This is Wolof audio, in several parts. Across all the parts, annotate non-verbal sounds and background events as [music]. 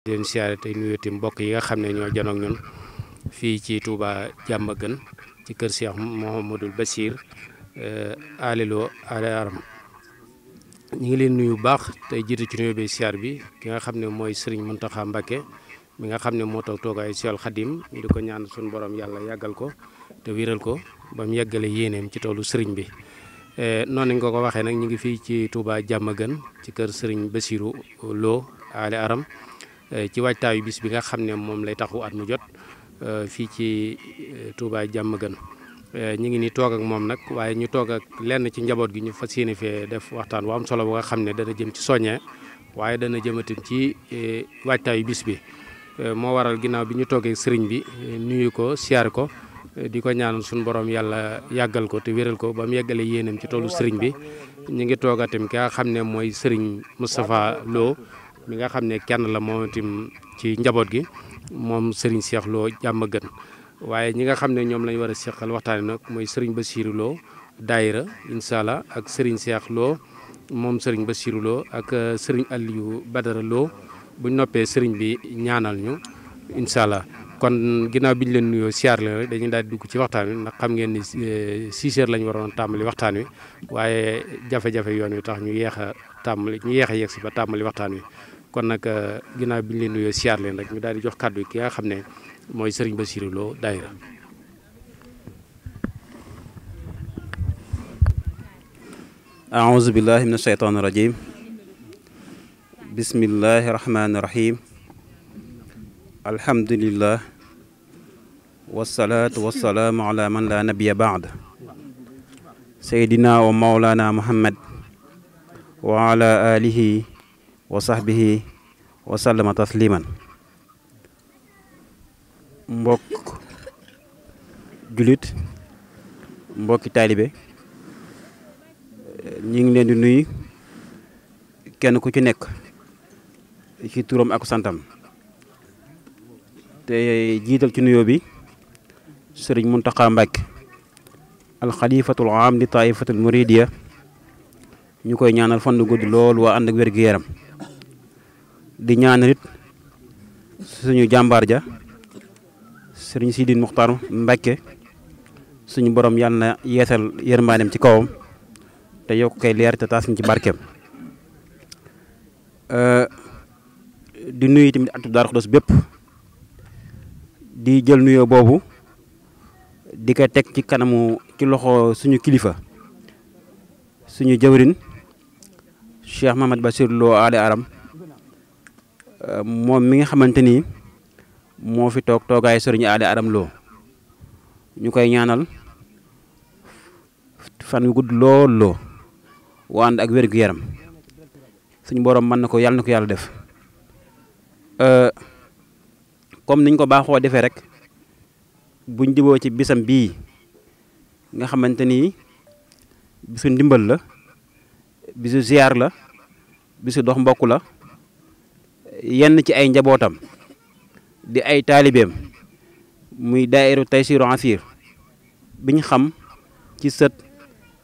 di leen siyaare mbokk yi nga xam ne ñoo janoog ñun fii ci tuuba Diamaguène ci kër Cheikh Mouhamadoul Bachir euh, Alilo Ali Aram ngi leen nuyu baax tey jiitu ci nuyoo bi bi ki nga xam ne mooy Serigne Mountakha Mbacké mi nga xam ne moo toog toogaay di ko ñaan suñu borom yàlla yàggal ko te wéral ko ba mu ci toolu Serigne bi. Euh, noonu nañ ko waxee nag ñu ngi fii ci Touba Diamaguène ci kër Serigne Bassirou Lo Ali Aram. Eh, ci waajtaayu bis bi nga xam ne moom lay taxu at mu jot eh, fii ci eh, tuubaay jàmm Diamaguène ñu ngi ni toog ak moom nag waaye ñu toog ak lenn ci njaboot gi ñu fas yéene fee def waxtaan wu am solo bu nga xam ne dana jëm ci soññee waaye dana jëmatim ci waajtaayu bis bi moo waral ginnaaw bi ñu toogee sëriñ bi nuyu ko siyaar ko di ko ñaanal suñu borom yàlla yàggal ko te wéral ko ba mu yeggalee yéenam ci tollu sëriñ bi ñu ngi toogatam ki xam ne mooy sëriñ Moustapha mi nga xam ne kenn la moom itam ci njaboot gi moom Serigne Cheikh Lo jàmm gën waaye ñi nga xam ne ñoom lañ war a seqal wi nag mooy Serigne Bassirou Lo daayira incha allah ak Serigne Cheikh loo moom Serigne Bassirou Lo ak euh, Serigne Aliou Badara Lo bu noppee Serigne bi ñaanal ñu incha allah kon ginnaaw bi ñu leen nuyoo siyaar leen rek dañuy daal di dugg ci waxtaan wi ndax xam ngeen ni 6 euh, heures lañ waroon tàmbali waxtaan wi waaye jafe-jafe yoon wi tax ñu yéex a tàmbali ñu yéex a yegg si tàmbali waxtaan wi. kon nag euh, ginnaaw bi ñu leen rek ñu daal di jox kàddu ki nga xam ne mooy sëriñ Bassirou Lo daayira aouzu billahi min asheytaani rajim bismillahi rahmaani rahim alhamdulillah wasalaatu wasalaamu ala man la nabiya baad seydina wa maulana muhammad wa ala wa sahbihi wa sallama tasliman mbokk julit mbokki taalibe ñi ngi leen di nuyu kenn ku ci nekk ci turam ak santam te jiital ci nuyoo bi sëriñ Muntaxa Mbàkke alxalifatul aam di taifatul muridiya ñu koy ñaanal fan gudd lool waa ànd ak yaram di ñaanal it suñu jàmbaar ja sëriñ Sidi Muxtaar Mbàkke suñu borom yàlla na yeesal yërmaaneem ci kawam te yokk koy leer te taas ñu ci barkeem di nuyu tamit atub Daaru Xudoos bépp di jël nuyoo boobu di ko teg ci kanamu ci loxo suñu kilifa suñu jëwrin Cheikh Mahamad Bassirou Lo Aali Aram moom mi nga xamante ni moo fi toog toogaay sëriñ Aly Aram Lo ñu koy ñaanal fan wi lool loo wa ànd ak wér yaram suñ borom mën na ko yàlla na ko yàlla def comme niñ ko baaxoo defee rek buñ jiboo ci bisam bii nga xamante ni bisu ndimbal la bisu ziar la bisu dox mbokk la yenn ci ay njabootam di ay taalibeem muy daayira Taysiru Asir biñ xam ci sët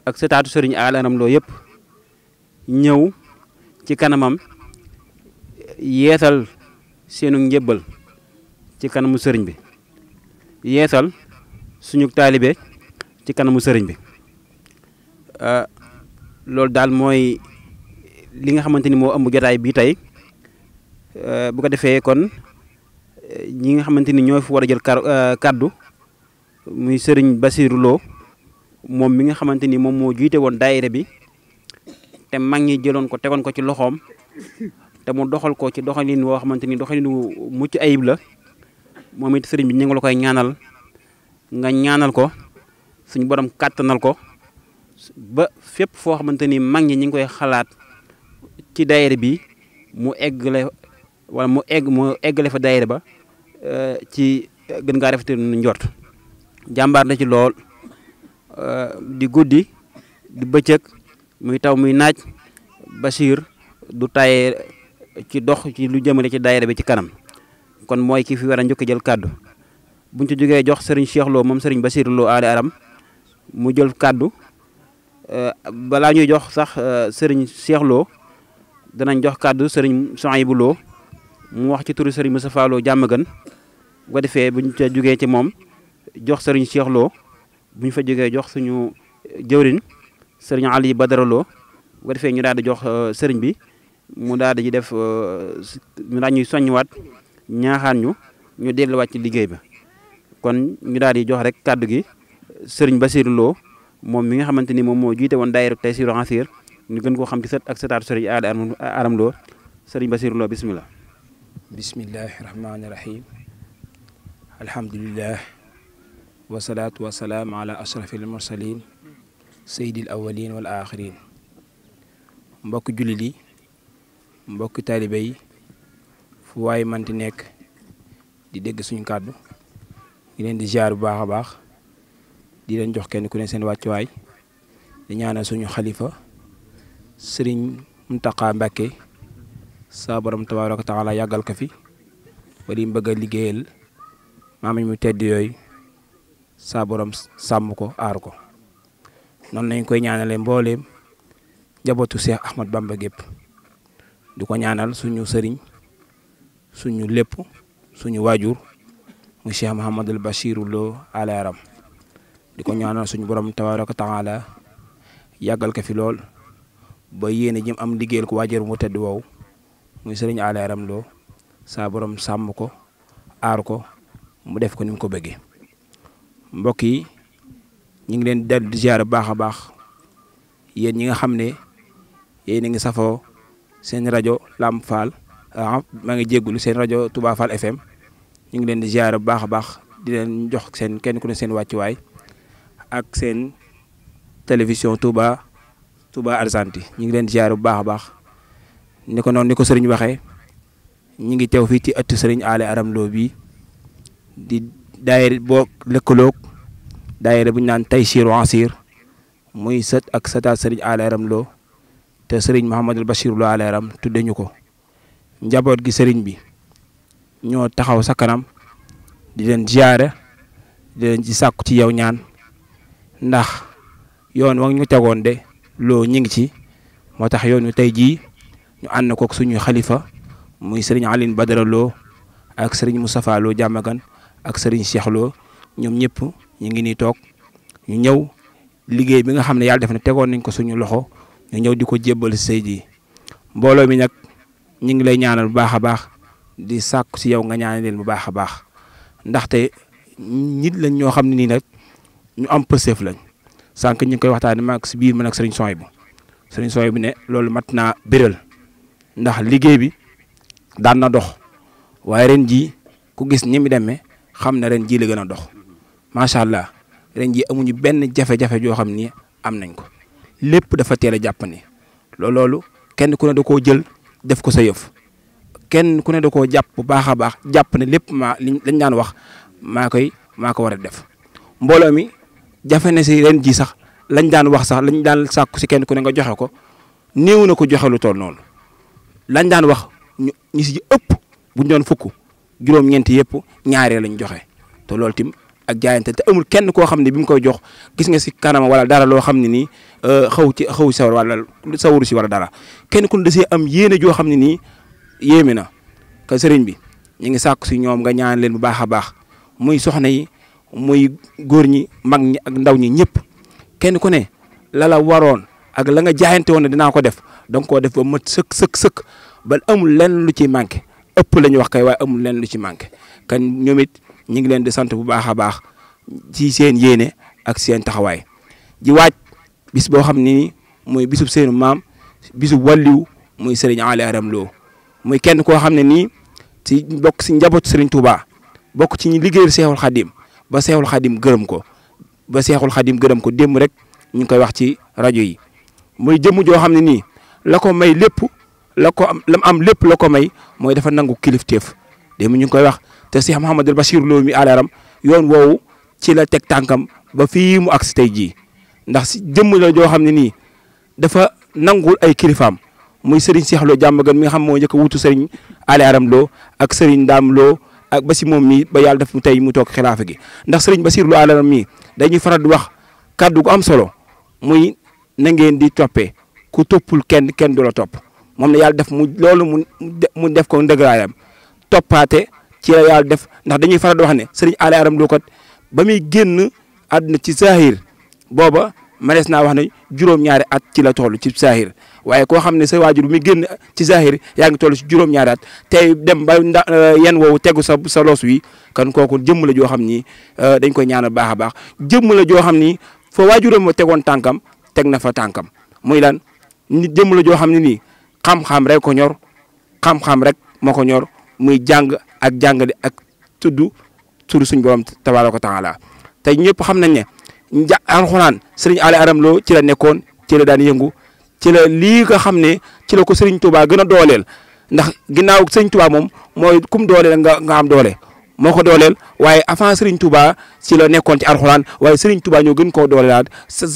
ak sëtaatu sëriñ Alaram loo yëpp ñëw ci kanamam yeesal seenu njëbbal ci kanamu sëriñ bi yeesal suñu taalibe ci kanamu sëriñ bi euh, loolu daal mooy li nga xamante ni moo ëmb jotaay bii tey Euh, bu ko defee kon euh, ñi nga xamante ni ñoo fi war a jël kar euh, kàddu muy sëriñ Basirou Lo moom mi nga xamante ni moom moo jiite woon daayira bi te mag ñi jëloon ko tegoon ko ci loxoom te mu doxal ko ci doxaliin woo xamante ni doxalin wu mucc ayib la moom it sëriñ bi ñu ngi la koy ñaanal nga ñaanal ko suñ borom kàttanal ko ba fépp foo xamante mag ñi ñu ngi koy xalaat ci daayira bi mu egg la wala mu egg mu eggale fa daayira ba euh, ci gën ngaa rafetlu njort jàmbaar na ci lool euh, di guddi di bëccëg muy taw muy naaj Bachir du tayee ci dox ci lu jëmale ci daayira bi ci kanam kon mooy ki fi war a jël kàddu buñ ci jógee jox Serigne Cheikh moom Serigne Bachir Lo Ali Aram mu jël kàddu euh, balaa ñuy jox sax Serigne Cheikh Lo danañ jox kàddu Serigne Souhaïbou Lo mu wax ci turu sëriñ Moustapha Lo jàmm gën bu ko defee bu ñu ca jógee ci moom jox sëriñ Cheikh Lo bu fa jógee jox suñu jëwriñ sëriñ Ali Badara Lo bu ko ñu daal di jox euh, sëriñ bi mu daal di def ñu euh, daal ñuy soññiwaat ñaaxaan ñu ñu delluwaat ci liggéey ba kon ñu daal di jox rek kàddu gi sëriñ Basirou Lo moom mi nga xamante ni moom moo jiite woon daayira Taysiroul Assir ñu gën koo xam ci sët ak sëtaatu sëriñ Aada Aram Lo sëriñ Basirou Lo bisimilah. bismillahi rahmaani rahim alhamdulilah wasalaatu wasalaam ala ashrafil mursalin sayyidil awwalin wal axirin mbokk jullit yi mbokk taalibe fu waay manti nekk di dégg suñ kàddu di leen di ziar bu baax a baax di leen jox kenn ku ne seen wàccuwaay di ñaanal suñu xalifa sëriñ Muntaqa Mbàkke saa borom tabaaraka taala yàggal ko fi ba li mu bëgg a liggéeyal maam mu tedd yooyu saa borom sàmm ko aar ko noonu lañ koy ñaanale mbooleem njabootu Cheikh Ahmad Bamba gépp di ko ñaanal suñu sëriñ suñu lépp suñu waajur mu Cheikh Mouhamadul Bachir Lo alaram di ko ñaanal suñu borom tabaaraka taala yàggal ko fi lool ba yéene jëm am liggéeyal ko waajur mu tedd woowu mu sëriñ Alla Yaram Lo saa borom sàmm ko aar ko mu def ko ni mu ko bëggee mbokk yi ñu ngi leen dellu di ziar baax a baax yéen ñi nga xam ne yéen a ngi safoo seen rajo Lamp Fall ah maa ngi jéggulu seen rajo Touba Fall FM ñu ngi leen di ziar baax a baax di leen jox seen kenn ku ne seen wàccuwaay ak seen télévision Touba Touba Argentine ñu ngi leen di ziar bu baax a baax. ni ko noonu ni ko sëriñ waxee ñu ngi teew fii ci ëtt sëriñ Aale Aram Lo bii di daayira boo lëkkaloog daayira bu ñu naan Taysiir Ansir muy sët ak sëtaat sëriñ Aale Aram Lo te sëriñ Mouhamadul Bachir Lo Aale Aram tudde ñu ko njaboot gi sëriñ bi ñoo taxaw sa kanam di leen ziyaare di leen ci sàkku ci yow ñaan ndax yoon wa ñu tegoon de loo ñu ngi ci moo tax yoon wi tey jii ñu ànd kook suñu xalifa muy sëriñ Aline Badara ak sëriñ Moustapha Lo jàmmagan ak sëriñ Cheikh ñoom ñëpp ñu ngi ni toog ñu ñëw liggéey bi nga xam ne yàlla def na tegoon nañ ko suñu loxo ñu ñëw di ko jébbal sëy ji mbooloo mi nag ñu ngi lay ñaanal bu baax a baax di sàkku si yow nga ñaanal leen bu baax a baax ndaxte nit lañ ñoo xam ne nii nag ñu am pëseef lañ sànq ñu koy waxtaanee maag si biir man ak sëriñ Soy bu sëriñ Soy bu ne loolu mat naa biral ndax liggéey bi daan na dox waaye ren jii ku gis ni mu demee xam na ren jii la gën a dox macha allah ren jii amuñu benn jafe-jafe joo xam ni am nañ ko lépp dafa teel a jàpp ni loolu kenn ku ne da koo jël def ko sa yëf kenn ku ne da koo jàpp bu baax a baax jàpp ne lépp maa liñ lañ daan wax maa koy maa ko war a def mbooloo mi jafe na si ren jii sax lañ daan wax sax lañ daan sàkku si kenn ku ne nga joxe ko néew na ko joxe lu noonu. lañ daan wax ñu ñu si ëpp bu ñu doon fukk juróom-ñeent yëpp ñaaree lañ joxe te loolu tim ak jaayante te amul kenn koo xam ne bi mu koy jox gis nga si kanam wala dara loo xam ne nii euh, xaw ci xaw si sawar wala sawaru si wala dara kenn ku ne dasee am yéene joo xam ne nii yéeme na ka sëriñ bi ñu ngi sàkku si ñoom nga ñaan leen bu baax a baax muy soxna yi muy góor ñi mag ñi ak ndaw ñi ñëpp kenn ku ne la waroon. ak la nga jaayante woon ne dinaa ko def da nga koo def sëkk sëkk sëkk ba amul lenn lu ci manqué ëpp la ñu wax kay waaye amul lenn lu ci manqué kan ñoom it ñu ngi leen di sant bu baax a baax ci seen yéene ak seen taxawaay ji waaj bis boo xam ni muy bisub seenu maam bisub wàlliw muy Serigne Aly Aram loo muy kenn koo xam ne nii ci bokk si njaboot Serigne Touba bokk ci ñi liggéeyal Seexul Xadim ba Seexul Xadim gërëm ko ba Seexul Xadim gërëm ko démb rek ñu ngi koy wax ci rajo yi muy jëmm joo xam ne nii la ko may lépp la ko am la am lépp la ko may mooy dafa nangu kilifteef démb ñu ngi koy wax te Cheikh Mouhamadul Bachir Lo mi alaram yoon woowu ci la teg tànkam ba fii mu si tey jii ndax si jëmm la joo xam ne nii dafa nangul ay kilifaam muy Serigne Cheikh Lo Jàmbagan mi nga xam moo jëkk a wutu Serigne alaram Lo ak sëriñ Dame loo ak ba si moom mii ba yàlla def mu tey mu toog xilaafa gi ndax Serigne Bachir Lo alaram mii dañuy faral di wax kàddu gu am solo muy. na ngeen di toppee ku toppul kenn kenn du la topp moom la yàlla def mu loolu mu mu def ko ndëgëraayam toppaate ci la yàlla def ndax dañuy faral di wax ne sëriñ Aly Aram Lo kat ba muy génn àdduna ci saahir booba manees naa wax ne juróom at ci la toll ci saahir waaye koo xam ne sa waajur bi muy ci saahir yaa ngi toll ci juróom at tey dem ba nda euh, yan woowu tegu sa sa los wi kan kooku jëmm joo xam ni euh, dañ koy ñaanal baax a baax jëmm joo xam ni fa waajuram ma tegoon tànkam teg na fa tànkam muy lan nit la joo xam ne nii xam-xam rek ko ñor xam-xam rek moo ko ñor muy jàng ak jàngale ak tudd turu suñ ko tabaaraka taala te ñëpp xam nañ ne nja alxuraan sëriñ Ali Aram loo ci la nekkoon ci la daan yëngu ci la lii nga xam ne ci la ko sëriñ Touba gën a dooleel ndax ginnaaw sëriñ Touba moom mooy kum dooleel nga nga am doole. moo ko dooleel waaye avant Serigne Touba si la nekkoon ci alxuraan waaye Serigne Touba ñoo gën koo dooleelaat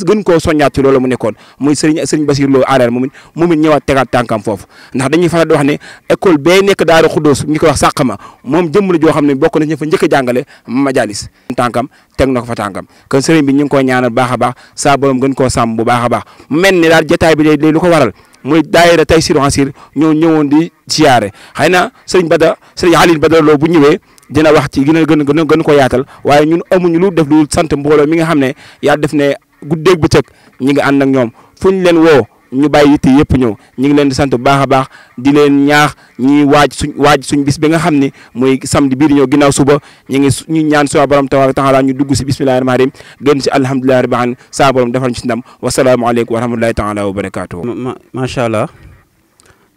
gën koo soññaat ci loolu mu nekkoon muy Serigne Serigne Bassir Lo aareer moom it moom it ñëwaat tegaat tànkam foofu ndax dañu faral di wax ne école bee nekk Daara Xuddoos ñu koy wax Sàqma moom jëmm la joo xam ne bokk na ña fa njëkk a jàngale majalis tànkam teg na ko fa tànkam kon Serigne bi ñu ngi koy ñaanal baax a baax saa borom gën koo sàmm bu baax a baax mel ni daal jotaay bi day lu ko waral muy daayira Taysiru Asir ñoo ñëwoon di siyaare xëy na Serigne Bada Serigne Halil Bada Lo bu ñëwee dina wax ci gën gën a ko yaatal waaye ñun amuñu lu def lu sant mbooloo mi nga xam ne yaa def ne guddeeg bëccëg ñi ngi ànd ak ñoom fu ñu leen woo ñu bàyyi yitte yëpp ñëw ñu ngi leen di sant bu baax a baax di leen ñaax ñu waaj suñ waaj suñ bis bi nga xam ni mooy samedi bii di ñëw ginnaaw suba ñu ngi ñu ñaan suwa borom tabaaraka taala ñu dugg si bismillahi rahmaani rahim gën si alhamdulillahi rabbil alamin saa borom defal ñu si ndam wasalaamaaleykum wa rahmatullahi taala wa barakaatu. macha allah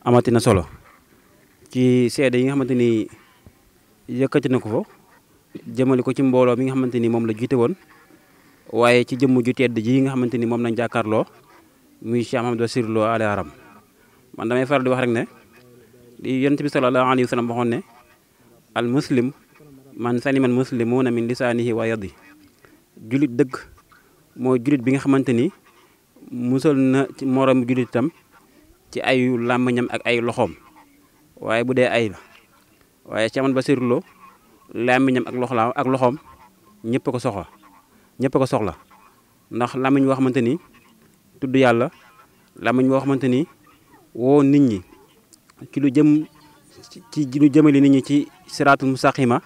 amati na solo yëkkati na ko fa jëmale ko ci mbooloo mi nga xamante ni moom la jiite woon waaye ci jëmm ju da ji nga xamante ni moom lañ jàkkaarloo muy Cheikh Mahamadou Bassirou Lo man damay faral di wax rek ne di yonent bi la alayhi wa sallam waxoon ne man muslim man salimal muslimuuna min lisaanihi waa yadi julit dëgg moo julit bi nga xamante ni musal na ci moroom julitam ci ayu làmmiñam ak ay loxoom waaye bu dee ay waaye Cheikh ba Lo làmmiñam ak loxlaam ak loxoom ñëpp ko soxla ñëpp ko soxla ndax làmmiñ boo xamante ni tudd yàlla làmmiñ boo xamante ni woo nit ñi ci lu jëm ci lu jëmale nit ñi ci siraatul mustaqima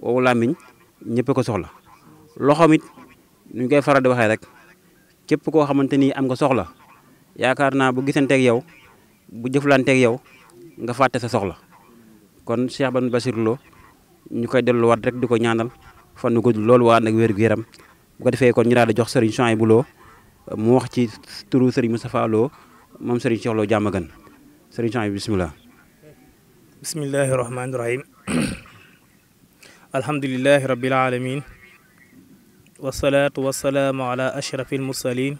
woowu làmmiñ ñëpp ko soxla loxoom it ñu koy faral di waxee rek képp koo xamante ni am nga soxla yaakaar naa bu gisanteeg yow bu jëflanteeg yow nga fàtte sa soxla kon Cheikh Ban Basir Lo ñu koy delluwaat rek di ko ñaanal fan ko loolu waa nag wér gu yaram bu ko defee kon ñu daal di jox Serigne Souhaïbou Lo mu wax ci turu Serigne Moustapha Lo moom Serigne Cheikh Lo Diamaguène Serigne Souhaïbou bisimilah. bismillahi rahmaani rahim alhamdulilahi rabbil alamin wasalaatu wasalaamu ala ashrafil mursalin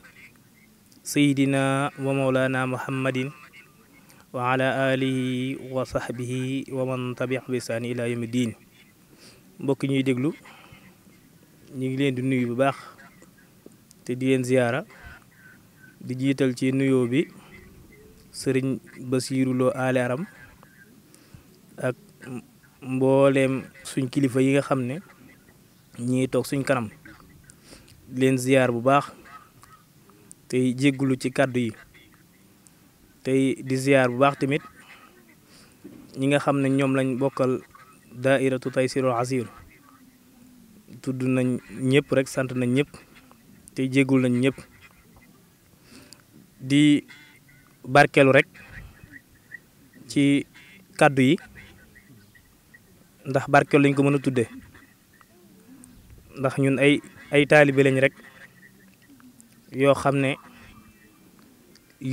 sayidina wa maulana muhammadin wa ala alihi wa sahbihi wa man tabi diin mbokk ñuy déglu ñu ngi leen di nuyu bu baax te di leen ziyaara di jiital ci nuyoo bi sëriñ basiiruloo Lo Alé Aram ak mbooleem suñ kilifa yi nga xam ne ñi toog suñ kanam leen ziyaar bu baax te jéggulu ci kàddu yi tey di ziar bu baax tamit ñi nga xam ne ñoom lañ bokkal daairatu taysirul asir tudd nañ ñëpp rek sant nañ ñëpp tey jéggul nañ ñëpp di barkeelu rek ci kàddu yi ndax barkeelu lañ ko mën a tudde ndax ñun ay ay taalibe lañ rek yoo xam ne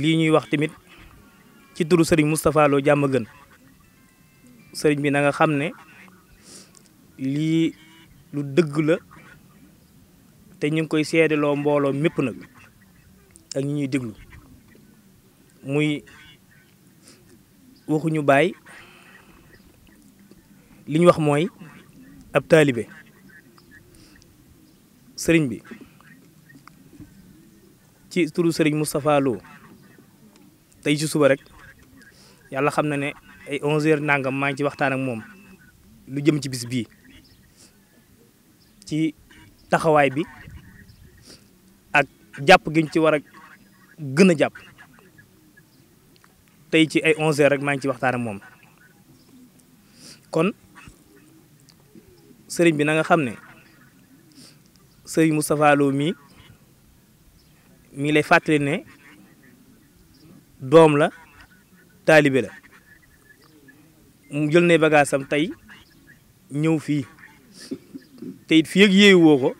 lii ñuy wax tamit ci turu sëriñ Moustapha Lo jàmm gën sëriñ bi nanga xam ne lii lu dëgg la te ñu ngi koy seedaloo mbooloo mépp nag ak ñi ñuy déglu muy waxuñu baay li ñu wax mooy ab taalibe sëriñ bi ci turu sëriñ Moustapha Lo tey ci suba rek yàlla xam na ne ay 11 heures nangam maa ngi ci waxtaan ak moom lu jëm ci bis bii ci taxawaay bi ak jàpp giñ ci war a gën a jàpp tey ci ay 11 heures rek maa ngi ci waxtaan ak moom kon sëriñ bi nanga xam ne sëriñ Moustapha Lo mii mii lay fàttali ne doom la taalibe la mu jël ne bagaasam tey ñëw fii te it fii ak yéeyu woo ko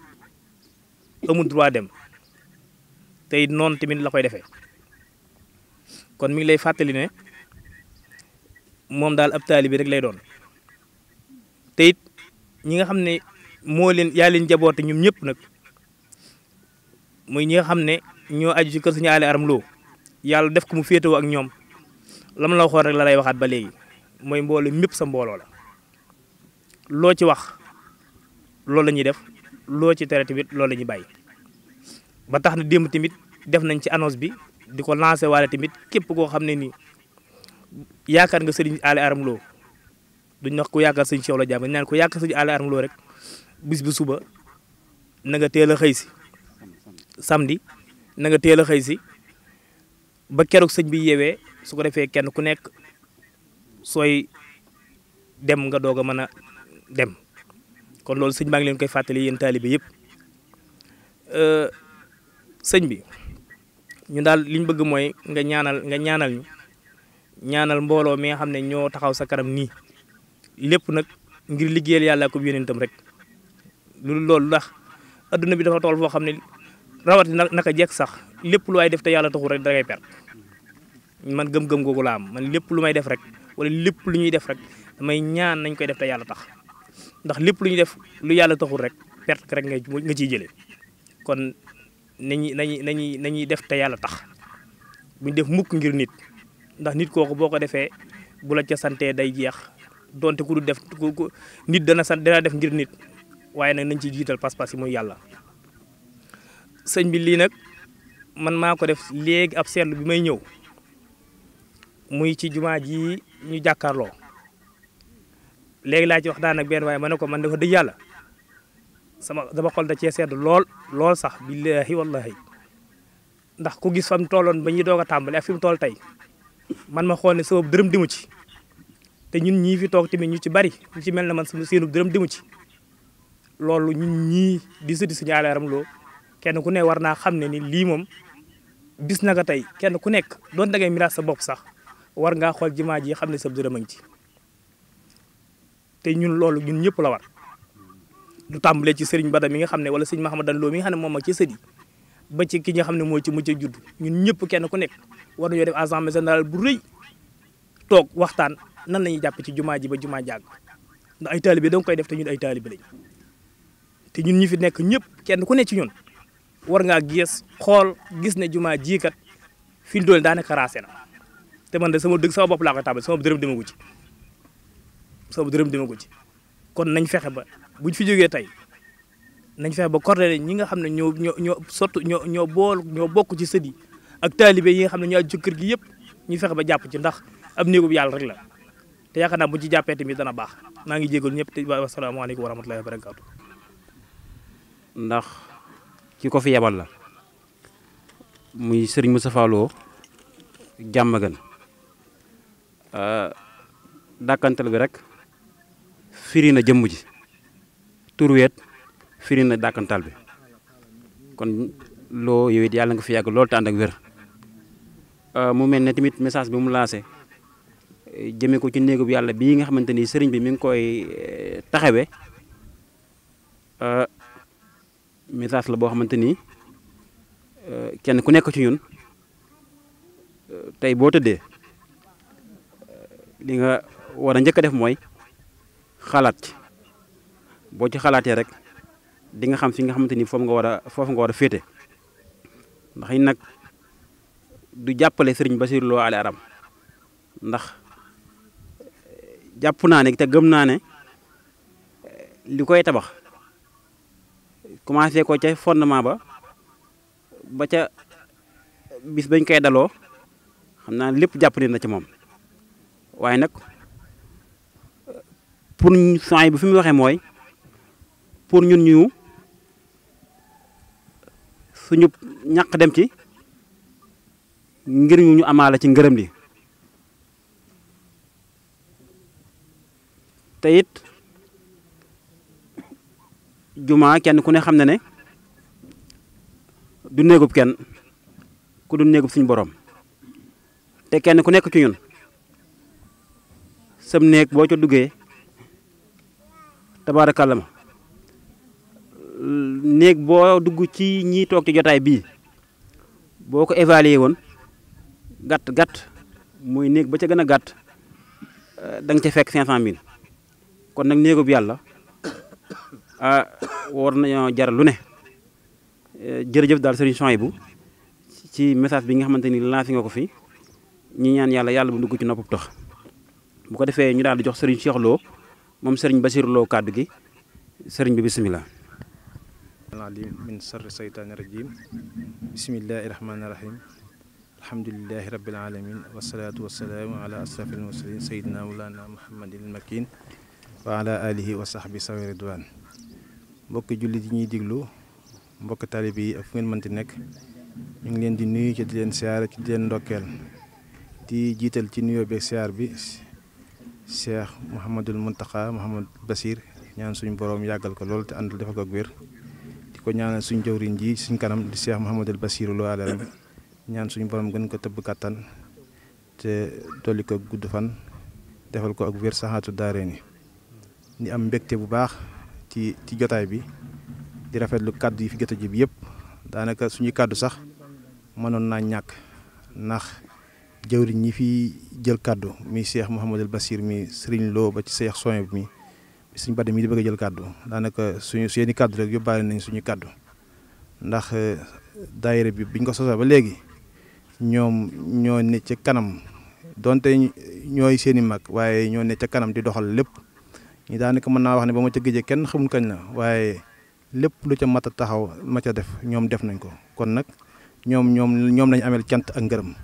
amul droit dem te it noonu tamit la koy defee kon mi ngi lay fàttali ne moom daal ab taalibe rek lay doon te ñi nga xam ne moo leen yaa leen jaboote ñoom ñëpp nag mooy ñi nga xam ne ñoo aju ci kër Sëñ Aly Aram Lo yàlla def ko mu féetewoo ak ñoom lam la waxoon rek la lay waxaat ba léegi mooy mboole mépp sa mbooloo la loo ci wax loolu la ñuy def loo ci tere tamit loolu la ñuy bàyyi ba tax na démb tamit def nañ ci annonce bi di ko lancé waale tamit képp koo xam ne nii yaakaar nga sëriñ Aly Aram Lo duñ wax ko yaakaar sëñ Cheikh la jàmm naan ku yaakaar sëñ Aly Aram Lo rek bis bu suba na nga teel a xëy si samedi na nga teel a xëy si ba keroog sëñ bi yewee su ko defee kenn ku nekk sooy dem nga doog a mën a dem kon loolu sëñ baa ngi leen koy fàttali yéen taalibe yëpp euh, sëñ bi ñu daal liñ bëgg mooy nga ñaanal nga ñaanal ñu ñaanal mbooloo mi nga xam ne ñoo taxaw sa kanam nii lépp nag ngir liggéeyal yàlla ko yonentam rek lu loolu ndax adduna bi dafa tool foo xam ne rawatina naka jekk sax lépp lu waay def te yàlla taxul rek dangay perte man gëm-gëm googu laa am man lépp lu may def rek wala lépp lu ñuy def rek may ñaan nañ koy def te yàlla tax ndax lépp lu ñuy def lu yàlla taxul rek perte rek nga nga ciy jëlee kon nañu nañu nañu nañuy def te yàlla tax buñ def mukk ngir nit ndax nit kooku boo ko defee bu la ca santee day jeex donte ku du def ku nit dana sant dana def ngir nit waaye nag nañ ciy jiital pas-pas yi muy yàlla sëñ bi lii nag man maa ko def léegi ab seetlu bi may ñëw muy ci jumaa ji ñu jàkkaarloo léegi laa ci waxtaan ak benn waaye ma ne ko man dafa dëgg yàlla sama dama xol da cee sedd lool lool sax billaahi wallaahi ndax ku gis fa mu tolloon ba ñuy doog a tàmbali ak fi mu toll tey man ma xool ne sabab dërëm dimu ci te ñun ñii fi toog tamit ñu ci bari ñu ci mel na man sama seenub dërëm dimu ci loolu ñun ñii di sëti suñu àlaaram loo kenn ku ne war naa xam ne ni lii moom bis na ko tey kenn ku nekk doon da ngay miraas sa bopp sax war ngaa xool jumaa ji xam ne sab dërëm a ci te ñun loolu ñun ñëpp la war du tàmbulee ci sëriñ Bada mi nga xam ne wala sëriñ Mahamadan Lo mi nga xam ne moom ak ci sët yi ba ci ki nga xam ne moo ci mucc judd ñun ñëpp kenn ku nekk war nañoo def assemblée générale bu rëy toog waxtaan nan la jàpp ci jumaa ji ba jumaa jàgg ndax ay taalibe da koy def te ñun ay taalibe lañ te ñun ñi fi nekk ñëpp kenn ku ne ci ñun war ngaa gis xool gis ne jumaa jii kat fi mu doon daanaka raase na. te man de sama dëgg sama bopp laa koy tàmbali sama dërëm demagu ci sama dërëm demagu ci kon nañ fexe ba buñ fi jógee tey nañ fexe ba coordonné ñi nga xam ne ñoo ñoo ñoo sott ñoo ñoo bool ñoo bokk ci sët yi ak taalibe yi nga xam ne ñoo aju kër gi yëpp ñu fexe ba jàpp ci ndax am néegub yàlla rek la te yaakaar naa buñ ci jàppee tamit dana baax maa ngi jégalu ñëpp te wasalaamaaleykum wa rahmatullahi wa barakaatu ndax ki ko fi yebal la muy sëriñ Moustapha Lo Euh, dàkkantal bi rek firi na jëmm ji tur weet na dàkkantal bi kon loo yow it yàlla nga fi yàgg loolu te ànd ak wér euh, mu mel ne tamit message bi mu lancé jëmee ko ci bi yàlla bii nga xamante ni sëriñ bi mu ngi koy euh, taxawee message la boo xamante ni kenn ku nekk ci ñun tey boo tëddee. li nga war a njëkk a def mooy xalaat ci boo ci xalaatee rek di nga xam fi nga xamante ni foofu nga war a foofu nga war a féete ndax it nag du jàppale Serigne Bassirou Lo Al Arame ndax jàpp naa ne te gëm naa ne li koy tabax commencé ko ca fondement ba ba ca bis bañ koy daloo xam naa lépp jàpp ne na ci moom waaye nag pour soin bi fi mu waxee mooy pour ñun ñu suñu ñàq dem ci ngir ñu ñu amaale ci ngërëm li te it jumaa kenn ku ne xam na ne du néegub kenn ku du néegub suñu borom te kenn ku nekk ci ñun sam néeg boo ca duggee tabaarakalla ma néeg boo dugg ci ñi ci jotaay bii boo ko évalué woon gàtt gàtt mooy néeg ba ca gën a gàtt eh, da nga ca fekk 500000 kon nag néegub yàlla [coughs] ah war nañoo jar lu ne eh, jërëjëf daal yi Souhaïbou ci message bi nga xamante ni lancé nga ko fi ñi ñaan yàlla yàlla bu dugg ci noppam tax bu ko defee ñu daal di jox sëriñ Cheikh Lo moom sëriñ Bachir Lo kàddu gi sëriñ bi bisimilah. alim min sarri seytaani rajim bismillahi rahmaani rahim alhamdulilahi rabbil alamin wasalaatu wasalaamu ala asrafil mursalin sayidina mawlana muhammadin makin wa ala alihi wa sahbi mbokki jullit yi ñuy diglu mbokki taalib yi ak fu ngeen mënti nekk ñu ngi leen di nuyu ci di leen siyaar ci di leen ndokkeel di jiital ci nuyoo beeg siyaar cheikh Mouhamadul Mountakha Mouhamad Basir ñaan suñu borom yàggal ko lool te àndal dafa ko wér di ko ñaanal suñu jëwriñ ji suñ kanam di cheikh Mouhamadul Basir lu alal ñaan suñu borom gën ko tëbb kàttan te dolli ko gudd fan defal ko ak wér saxaatu daare ni ni am mbégte bu baax ci ci jotaay bi di rafetlu kàddu yi fi jot a jib yëpp daanaka suñuy kàddu sax mënoon naa ñàkk ndax. jëwriñ ñi fi jël kàddu mi Cheikh Mouhamadul Bassir mi Serigne loo ba ci Cheikh Soin mi suñu bàtt mi di bëgg jël kàddu daanaka suñu seeni kàddu rek yóbbaale nañ suñu kàddu ndax eh, daayira bi biñ ko sosoo ba léegi ñoom ñoo ne ca kanam donte ñooy seen i mag waaye ñoo ne ca kanam di doxal lépp ñu daanaka mën naa wax ne ba ma ca gëjee kenn xamul kañ la waaye lépp lu ca mat taxaw ma ca def ñoom def nañ ko kon nag ñoom ñoom ñoom lañ ameel cant ak ngërëm.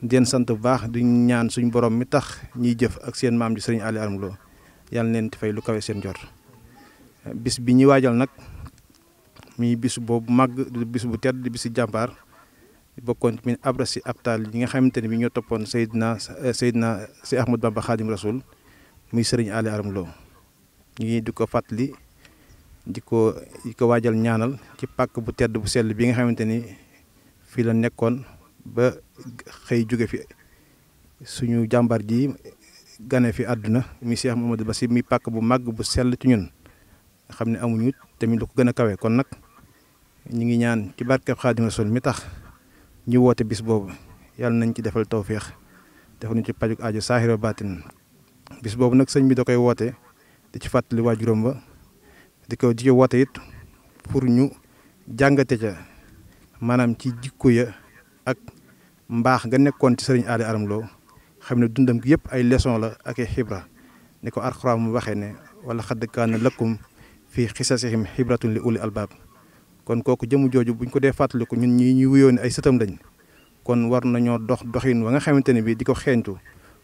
di sant bu baax di ñaan suñu borom mi tax ñiy jëf ak seen maam ji sëriñ Aliou Arame yàlla leen fay lu kawe seen jot bis bi ñuy waajal nag mi bis boobu màgg di bis bu tedd di si jàmbaar bokkoon ci min abra si abtal yi nga xamante ne bi ñoo toppoon Seydina Seydina si Ahmad Bamba Xaadim Rasul muy sëriñ Aliou Arame Lo ñu di ko fàttali di ko di ko waajal ñaanal ci pàkk bu tedd bu sell bi nga xamante ni fii la nekkoon. ba xëy jóge fi suñu jàmbar ji gane fi àdduna mi Cheikh Mamadou Bassir mi pàkk bu màgg bu sell ci ñun xam ne amuñu tamit lu ko gën a kawe kon nag ñu ngi ñaan ci barkeb Xaadimu sol mi tax ñu woote bis boobu yàlla nañ ci defal tawféex defal ñu ci pajuk aajo saahira baatin bis boobu nag sañ bi da koy woote di ci fàttali waajuram ba di ko di woote it pour ñu jàngate ca maanaam ci jikko ya ak mbaax nga nekkoon ci sëriñ Aly Aram Lo xam ne dundam gi yëpp ay leçon la ak i xibra ni ko Alxuraan mu waxee ne wala xadd kaana lakum fii xisasihim xibratun li uli albaab kon kooku jëmu jooju buñ ko dee fàttaliku ñun ñi ñu wuyoo ne ay sëtam lañ kon war nañoo dox doxin wa nga xamante ne bii di ko xeeñtu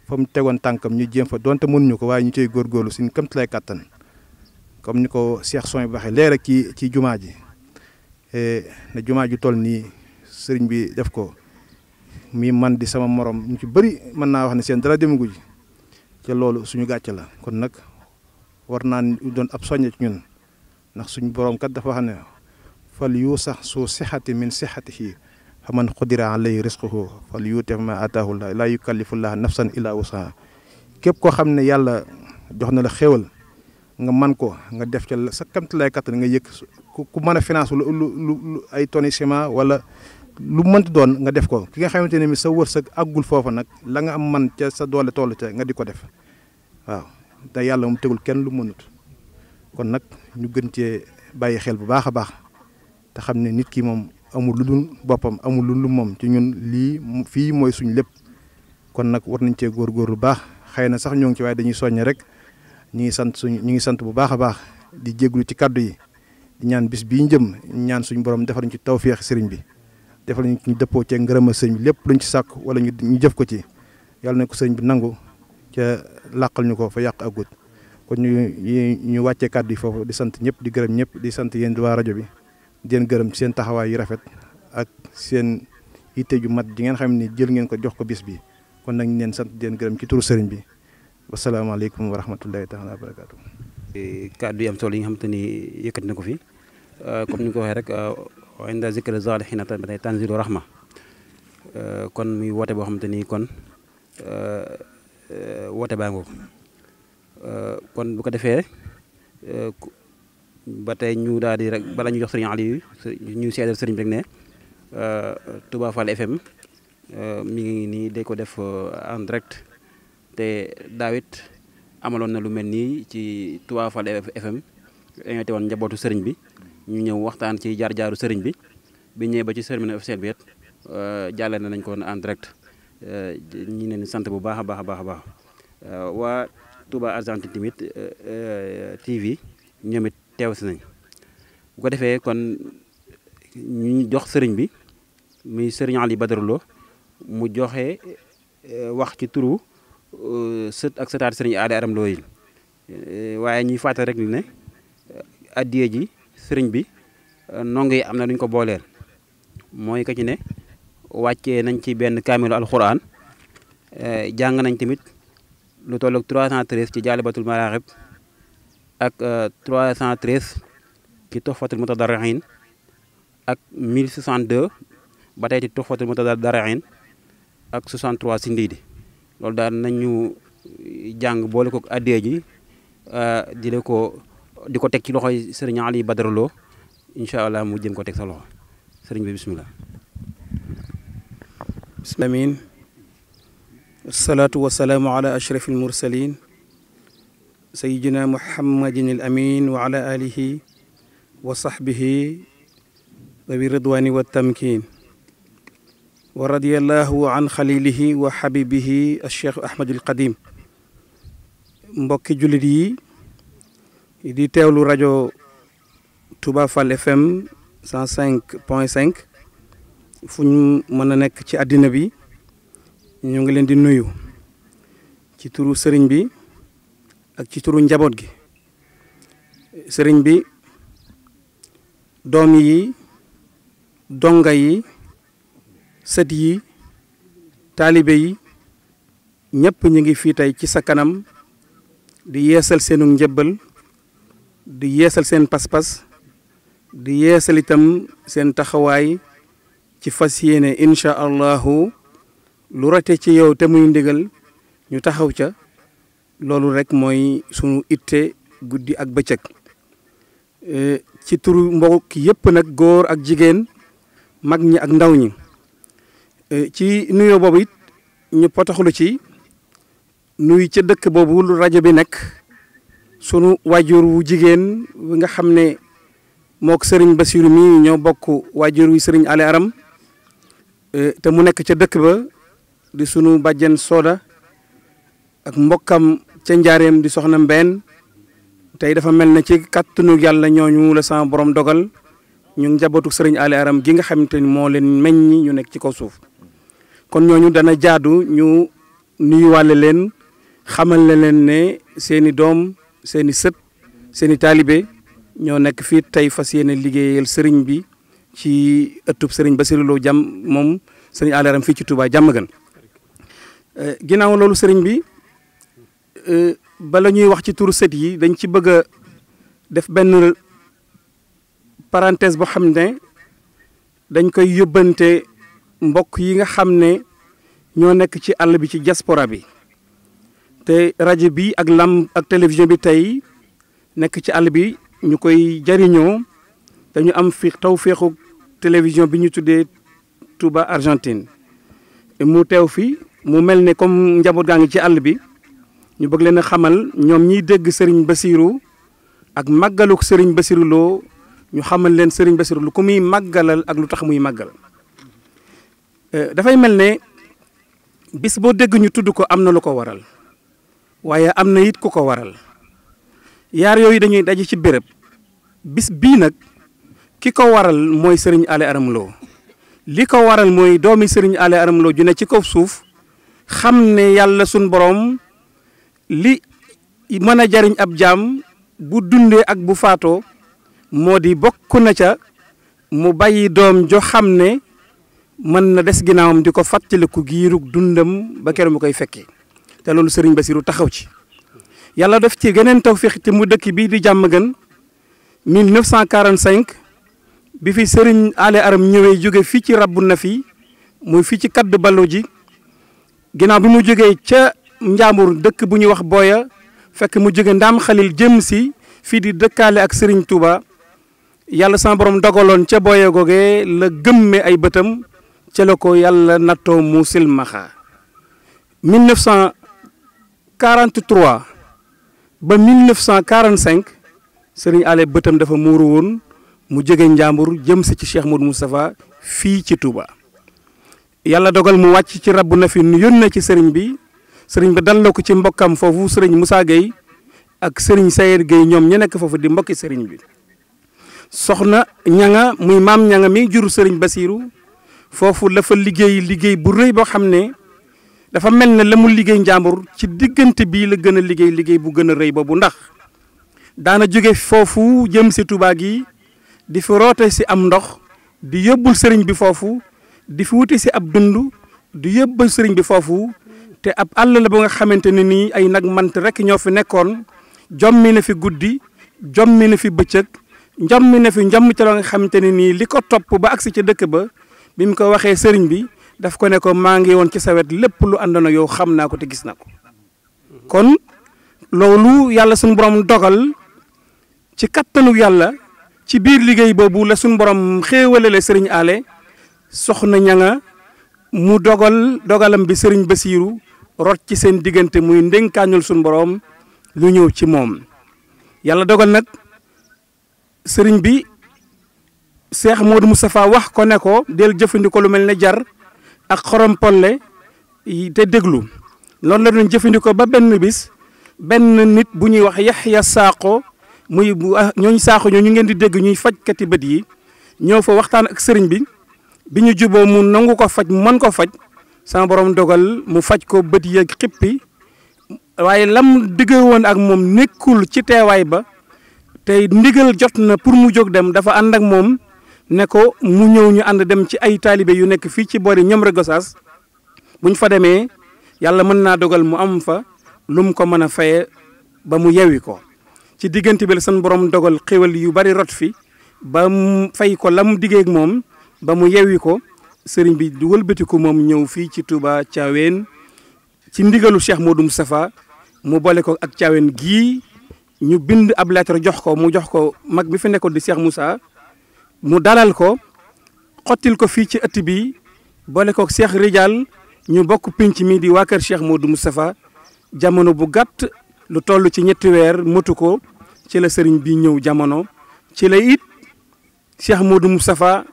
fa mu tegoon tànkam ñu jéem fa donte mënuñu ko waaye ñu cay góorgóorlu suñ kamtalaay kàttan comme ni ko Cheikh Soñ bi waxee léer ci ci jumaa ji eh, ne sëriñ bi def ko mi man di sama morom ñu ci bëri mën naa wax ne seen dara demagu ji te loolu suñu gàcce la kon nag war naa doon ab soññe ci ñun ndax suñu borom kat dafa xam ne fal yu sax su sixati min sixatihi faman qudira alayhi rizquhu fal yu'ti ma ataahu la laa yukallifullaha nafsan illa wusaha képp koo xam ne yàlla jox na la xéewal nga man ko nga def ca sa kamti lay kattan nga yëg ku mën a finance lu lu ay tonni ciment wala lu mënt doon nga def ko ki nga xamante ne mi sa wërsëg àggul foofa nag la nga am man ca sa doole toll ca nga di ko def waaw te yàlla mu tegul kenn lu mënut kon nag ñu gën cee bàyyi xel bu baax a baax te xam ne nit kii moom amul lu dul boppam amul lu dul moom ci ñun lii fii mooy suñ lépp kon nag war nañ cee góor góor lu baax xëy na sax ñoo ngi ci waaye dañuy soññ rek ñu ngi sant suñ ñu ngi sant bu baax a baax di jéglu ci kàddu yi di ñaan bis bii ñu jëm ñaan suñu borom defar ñu ci tawféex sëriñ bi defal ñu ñu dëppoo cee ngërëma sëñ bi lépp luñ ci sàkk wala ñu ñu jëf ko ci yàlla na ko sëñ bi nangu ca làqal ñu ko fa yàq agut kon ñu ñu wàccee kàddu yi foofu di sant ñëpp di gërëm ñëpp di sant yéen waa rajo bi di leen gërëm seen taxawaay yu rafet ak seen yitte ju mat ji ngeen xam ne jël ngeen ko jox ko bis bi kon nag ñu leen sant di leen gërëm ci turu sëriñ bi wasalaamaaleykum wa rahmatullahi taala wa barakaatu. Eh, kàddu yi am yi nga xamante ni yëkkati na ko fi eh, comme ni ko waxee rek. Eh, wa inda zikri salihina ba tey tanzilu rahma euh, kon muy woote boo xamante ni kon euh, euh, woote baa ngoog kon bu ko defee ba tey ñu daal di rek bala ñuy yox sëriñ Aliou ñu seedal sëriñ bi rek ne Touba Fall FM mi ngi nii de ko def en direct te daawit amaloon na lu mel nii ci Touba Fall FM invité woon njabootu sëriñ bi ñu ñëw waxtaan ci jaar-jaaru sëriñ bi bi ñëwee ba ci cérémonie officielle bi it euh, jàllale nañ ko en direct euh, ñu leen sant bu baax a baax a baax a euh, waa tubaa Argentine tamit TV ñoom it teew si nañ bu ko defee kon ñu jox sëriñ bi muy sëriñ Ali Badara mu joxe wax ci turu sët ak sëtaat sëriñ Aada Aram Lo yi waaye ñuy fàttali rek ne addiye ji sëriñ bi euh, ndongo yi am na luñ ko booleel mooy ka ci ne wàccee nañ ci benn kaamilu alxuraan euh, jàng nañ tamit lu toll ak 313 ci jaalibatul maraaxib ak 313 euh, ci toxfatul mutadarrihin ak 1062 ba tey ci toxfatul mutadarrihin ak 63 si ndiidi loolu daal nañu jàng boole ko addee ji di la ko di ko teg ci loxoy sëriñ Aliou Badara Lo allah mu jëm ko teg sa loxo sëriñ bi bisimilah. bismilamin asalaatu wasalaamu ala ashraf almursalin sayidina muhammadin al wa ala wa sahbihi dawi ridwani wa tamkin wa radiallahu an xalilihi wa xabibihi alcheikh ahmadul qadim mbokki jullit yi di teewlu rajo Touba Fall FM 105 point 5 fu ñu mën a nekk ci àddina bi ñu ngi leen di nuyu ci turu sëriñ bi ak ci turu njaboot gi sëriñ bi doom yi donga yi sët yi taalibe yi ñëpp ñu ngi fii tey ci sa kanam di yeesal seenu njëbbal di yeesal seen pas-pas di yeesal itam seen taxawaay ci fas yéene incha allahu lu rate ci yow te muy ndigal ñu taxaw ca loolu rek mooy sunu ite guddi ak bëccëg e, ci turu mbokk yëpp nag góor ak jigéen mag ñi ak ndaw ñi e, ci nuyoo boobu it ñu potaxlu ci nuy ca dëkk boobu rajo bi nekk sunu waajur wu jigéen bi nga xam ne mook sëriñ Basiru mi ñoo bokk waajur wi sëriñ Ale Aram eh, te mu nekk ca dëkk ba di sunu bàjjen Sooda ak mbokkam ca njaareem di soxna Mbeen tey dafa mel ne ci kàttanu yàlla ñooñu la sama borom dogal ñu njabootu sëriñ Ale Aram gi nga xamante ni moo leen meññ ñu nekk ci kaw suuf kon ñooñu dana jaadu ñu nuyuwaale leen xamal leen ne seeni doom seen i sët seen i taalibe ñoo nekk fii tey fas yéene liggéeyal sëriñ bi ci ëttub sëriñ Bassirou Lo jam moom sëriñ Alaram fii ci Touba Diamaguène euh, ginnaaw loolu sëriñ bi euh, bala ñuy wax ci turu sët yi dañ ci bëgg a def benn parenthèse boo xam ne dañ koy yóbbante mbokk yi nga xam ne ñoo nekk ci àll bi ci diaspora bi te rajo bi ak lam ak télévision bi tey nekk ci àll bi ñu koy jariñoo dañu am fi taw féexu télévision bi ñu tuddee tuba Argentine mu teew fi mu mel ne comme njaboot gaa ngi ci àll bi ñu bëgg leen xamal ñoom ñiy dégg sëriñ Bassirou ak màggaluk Serigne Bassirou Lo ñu xamal leen Serigne Bassirou lu ko muy màggalal ak lu tax muy màggal euh, dafay mel ne bis boo dégg ñu tudd ko am na lu ko waral waaye am na it ku ko waral yaar yooyu dañuy daje ci béréb bis bii nag ki ko waral mooy sëriñ Ale Aram li ko waral mooy doomi sëriñ Ale Aram Lo ju ne ci kaw suuf xam ne yàlla sun borom li mën a jariñ ab jaam bu dundee ak bu faatoo moo di bokk na ca mu bàyyi doom jo xam ne mën na des ginnaawam di ko fàttaliku giirug dundam ba keroog mu koy fekkee te loolu sëriñ Basiru taxaw ci yàlla def ci geneen tawféex te mu dëkk bii di jàmm gën 1945 bi fi sëriñ Ale Aram ñëwee jóge fii ci rabbu na fi muy fii ci kaddu ballo ji ginnaaw bi mu jógee ca Njaambur dëkk bu ñuy wax Boya fekk mu jóge Ndaam Xalil jëm si fii di dëkkaale ak sëriñ Touba yàlla sama borom dogaloon ca Boya googee la gëmme ay bëtam ca la ko yàlla nattoo mu silmaxa 43 ba 1945 sëriñ Ale bëtam dafa muuru woon mu jege Njàmbur jëm si ci Cheikh Modou Moustapha fii ci Touba yàlla dogal mu wàcc ci rabbu na fi nu yónnee ci sëriñ bi sëriñ bi dal la ko ci mbokkam foofu sëriñ Moussa Gueye ak sëriñ Sayer Gueye ñoom ñu nekk foofu di mbokki sëriñ bi soxna ñanga muy maam ñanga mi jur sëriñ Basiiru foofu la liggéey liggéey bu rëy boo xam ne dafa mel ne la mu liggéey njàmbur ci diggante bii la gën a liggéey liggéey bu gën a rëy boobu ndax daana jóge foofu jëm si Touba yi di fi roote si am ndox di yóbbul sëriñ bi foofu di fi wuti si ab dund di yóbbal sëriñ bi foofu te ab àll ba nga xamante ne nii ay nag mant rek ñoo fi nekkoon jommi na fi guddi jommi ne fi bëccëg jommi na fi njomm ca la nga xamante ne nii li ko topp ba agsi ca dëkk ba bi mu ko waxee sëriñ bi daf ko ne ko maa ngi woon ci sa wet lépp lu àndoon yow xam naa ko te gis na ko kon loolu yàlla suñu borom dogal ci kattanu yàlla ci biir liggéey boobu la suñu borom xéewale la sëriñ ale soxna ñanga mu dogal dogalam bi sëriñ basiiru rot ci seen diggante muy ndénkaañul suñu boroom lu ñëw ci moom yàlla dogal nag sëriñ bi seex Modou Moustapha wax ko ne ko del jëfandikoo lu mel ne jar ak xorom polle te déglu loolu la doon jëfandikoo ba benn bis benn nit bu ñuy wax Yaxya Saako muy bu ah, ñooñu Saako ñoo ñu ngeen di dégg ñuy fajkati bët yi ñoo fa waxtaan ak sëriñ bi bi ñu juboo mu nangu ko faj mën ko faj sama borom dogal mu faj ko bët yeeg xippi waaye lam digge woon ak moom nekkul ci teewaay ba tey ndigal jot na pour mu jóg dem dafa ànd ak moom ne ko mu ñëw ñu ànd dem ci ay taalibe yu nekk fii ci boori Ñamre Gosaas buñ fa demee yàlla mën naa dogal mu am fa lu mu ko mën a faye ba mu yewi ko ci diggante bi la seen borom dogal xéwal yu bari rot fi ba mu fay ko la mu diggeeg moom ba mu yewi ko sëriñ bi du wëlbatiku moom ñëw fii ci Touba Thiawéne ci ndigalu Cheikh Modou Moustapha mu boole ko ak Thiawéne gii ñu bind ab lettre jox ko mu jox ko mag bi fi nekkoon di Cheikh Moussa mu dalal ko xottil ko fii ci ëtt bi boole ko Cheikh Ridial ñu bokk pinc mi di waa kër Cheikh Modou Moustapha jamono bu gàtt lu toll ci ñetti weer motu ko ci la sëriñ bi ñëw jamono ci la it Cheikh Modou Moustapha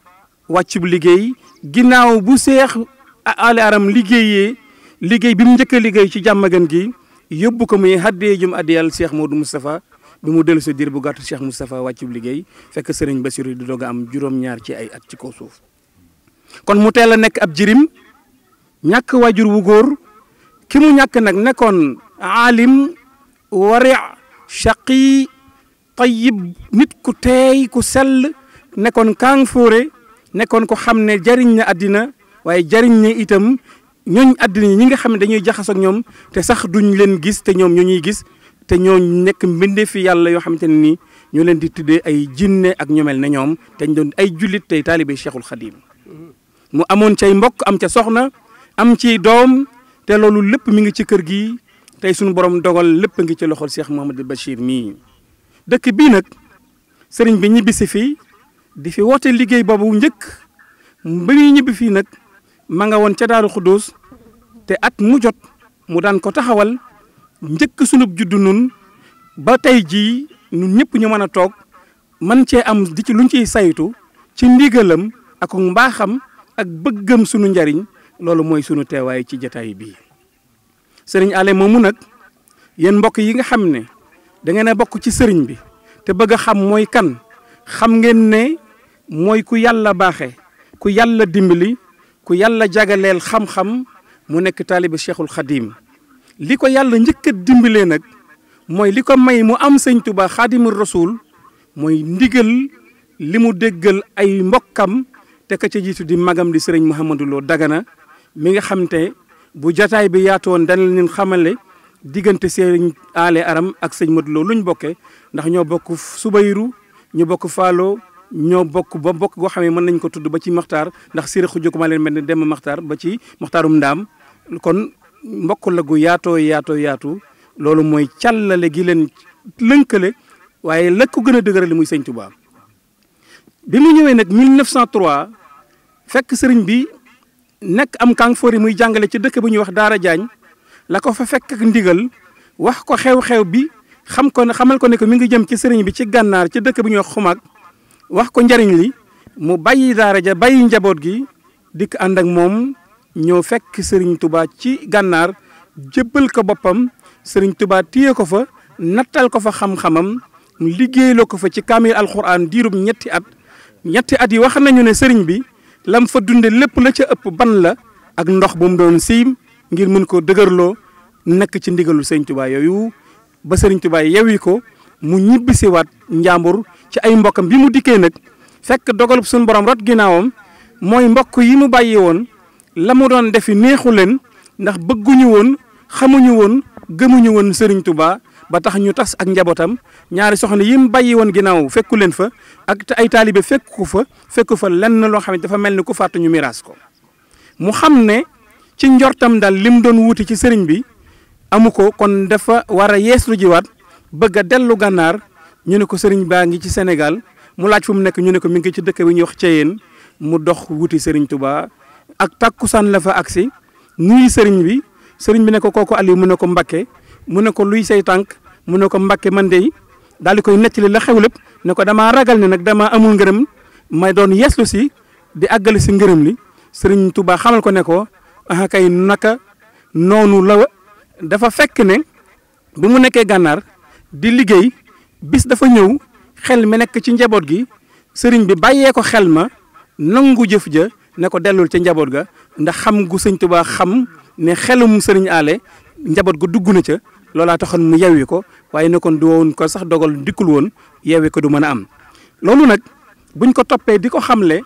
wàccub liggéey ginnaaw bu Cheikh Ali Aram liggéeyee liggéey bi mu njëkk a liggéey ci jàmmagan gi yóbbu ko muy haddee jum addiyal Cheikh Modou Moustapha bi mu dellu sa diir bu gàtt Cheikh Moustapha wàccub liggéey fekk sëriñ Bassirou di doog a am juróom-ñaar ci ay at ci kaw suuf kon mu teel a nekk ab jirim ñàkk waajur wu góor ki mu ñàkk nag nekkoon aalim wari shaqi tayib nit ku teey ku sell nekkoon kaang fóore nekkoon ko xam ne jariñ na àddina waaye jariñ na itam ñooñ àddina ñi nga xam ne dañuy jaxasoog ñoom te sax duñ leen gis te ñoom ñoo ñuy gis te ñoo nekk mbind fi yàlla yoo xamante ne nii ñoo leen di tuddee ay jinne ak ñu mel ne ñoom te ñu doon ay jullit tey taalibe Cheikhul Khadim mu amoon cay mbokk am ca soxna am ci doom te loolu lépp mu ngi ci kër gi tey suñu borom dogal lépp ngi ci loxol Cheikh Mouhamadou Bachir mii dëkk bii nag sëriñ bi ñibbi si fii di fi woote liggéey boobu njëkk ba muy ñibbi fii nag ma nga woon ca Daaru Xuddoos te at mu jot mu daan ko taxawal njëkk sunub juddu nun ba tey jii nun ñëpp ñu mën a toog man cee am di ci luñ ciy saytu ci ndigalam ak mbaaxam ak bëggam sunu njariñ loolu mooy sunu teewaay ci jataay bii sëriñ ale moomu nag yéen mbokk yi nga xam ne da ngeen a bokk ci sëriñ bi te bëgg xam mooy kan xam ngeen ne mooy ku yàlla baaxe ku yàlla dimbali ku yàlla jagaleel xam-xam mu nekk taalibi cheikhul xadim li ko yàlla njëkk a dimbalee nag mooy li ko may mu am sëñ Tuubaa xaadimu rasuul mooy ndigal li mu déggal ay mbokkam te ka ca di magam di sëriñ Mouhamadou Lo Dagana mi nga xam te bu jataay bi yaatoon dana leen xamale diggante sëriñ ale aram ak sëñ Modou lu ñu bokke ndax ñoo bokk subayru ñu bokk faalo ñoo bokk boo bokk goo xamee mën nañ ko tudd ba ci maxtaar ndax sëriñ xujj ko ma leen mel ne dem maxtaar ba ci maxtaarum ndaam kon mbokk la gu yaato yaato yaatu loolu mooy càllale gi leen lënkale waaye la ko gën a dëgërale muy sëñ Touba bi mu ñëwee nag 1903 fekk sëriñ bi nekk am kanfoor yi muy jàngale ci dëkk bi ñuy wax Daara Jaañ la ko fa fekk ak ndigal wax ko xew-xew bi xam ko ne xamal ko ne ko mi ngi jëm ci sëriñ bi ci gànnaar ci dëkk bi ñuy wax xumaag wax ko njariñ li mu bàyyi daara ja bàyyi njaboot gi dikk ànd ak moom ñëw fekk Serigne Touba ci gànnaar jébbal ko boppam Serigne tubaa téye ko fa nattal ko fa xam-xamam liggéey la ko fa ci kaamil alxuraan diirub ñetti at ñetti at yi wax nañu ne sëriñ bi lam fa dunde lépp la ca ëpp ban la ak ndox bu mu doon siim ngir mën ko dëgërloo nekk ci ndigalu sëriñ Touba yooyu ba sëriñ Touba yewwi ko mu ñibbisiwaat njàmbur ci ay mbokkam bi mu dikkee nag fekk dogalub suñu borom rot ginnaawam mooy mbokk yi mu bàyyi woon la mu doon defi neexu leen ndax bëgguñu woon xamuñu woon gëmuñu woon sëriñ Touba ba tax ñu tas ak njabootam ñaari soxna yi mu bàyyi woon ginnaaw fekku leen fa ak te ay taalibe fekk fa fekku fa lenn loo xam ne dafa mel ni ku fàttu miraas ko mu xam ne ci njortam daal lim doon wuti ci sëriñ bi amu ko kon dafa war a yeeslu jiwaat bëgg a dellu gànnaar ñu ne ko sëriñ baa ngi ci Sénégal mu laaj fu mu nekk ñu ne ko mi ngi ci dëkk bi ñuy wax Ceyeen mu dox wuti sëriñ Touba ak takkusaan la fa agsi nuyu sëriñ bi sëriñ bi ne ko kooku Aliou mu ne ko Mbakke mu ne ko luy say tànk mu ne ko Mbakke man de daal di koy nettali la xew lépp ne ko dama ragal ne nag damaa amul ngërëm may doon yeeslu si di àggali si ngërëm li sëriñ Touba xamal ko ne ko ah kay naka noonu la dafa fekk ne bu mu nekkee gànnaar di liggéey bis dafa ñëw xel mi nekk ci njaboot gi sëriñ bi bàyyee ko xel ma nangu jëf ja. ne ko dellul ca njaboot ga ndax xam gu sëñ Tuubaa xam ne xelum sëriñ Allé njaboot gu dugg na ca loolaa taxoon mu yewwi ko waaye ne kon du woon ko sax dogal dikkul woon yewwi ko du mën a am. loolu nag buñ ko toppee di ko xam le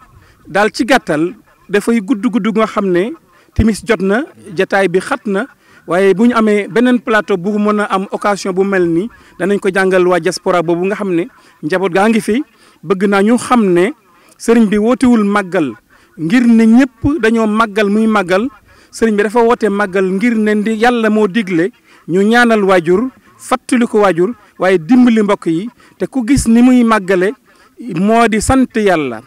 daal ci gàttal dafay gudd gudd nga xam ne timis jot na jataay bi xat na. waaye bu ñu amee beneen plateau bu mën a am occasion bu mel nii danañ ko jàngal waa diaspora boobu nga xam ne njaboot gaa ngi fi bëgg naa ñu xam ne sëriñ bi wootewul màggal ngir ne ñëpp dañoo màggal muy màggal sëriñ bi dafa woote màggal ngir ne ndi yàlla moo digle ñu ñaanal waajur fàttali ko waajur waaye dimbali mbokk yi te ku gis ni muy màggale moo di sant yàlla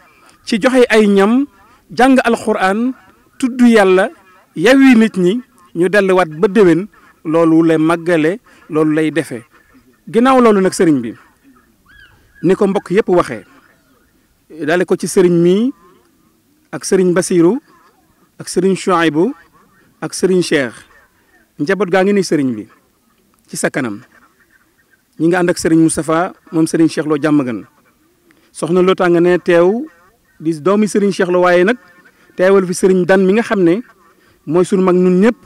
ci joxe ay ñam jàng alxuraan tudd yàlla yewwi nit ñi ñu delluwaat ba déwén loolu lay màggale loolu lay defe ginnaaw loolu nag sëriñ bi ni ko mbokk yëpp waxee dale ko ci sëriñ mi ak sëriñ Basiiru ak sëriñ Shuaybu ak sëriñ Cheikh njaboot gaa ngi ni sëriñ bi ci sa kanam ñi nga ànd ak sëriñ Moustapha moom sëriñ Cheikh jàmm gan soxna Lo tàng ne teew di doomi sëriñ Cheikh waaye nag teewal fi sëriñ Dan mi nga xam ne mooy su mag ñun ñëpp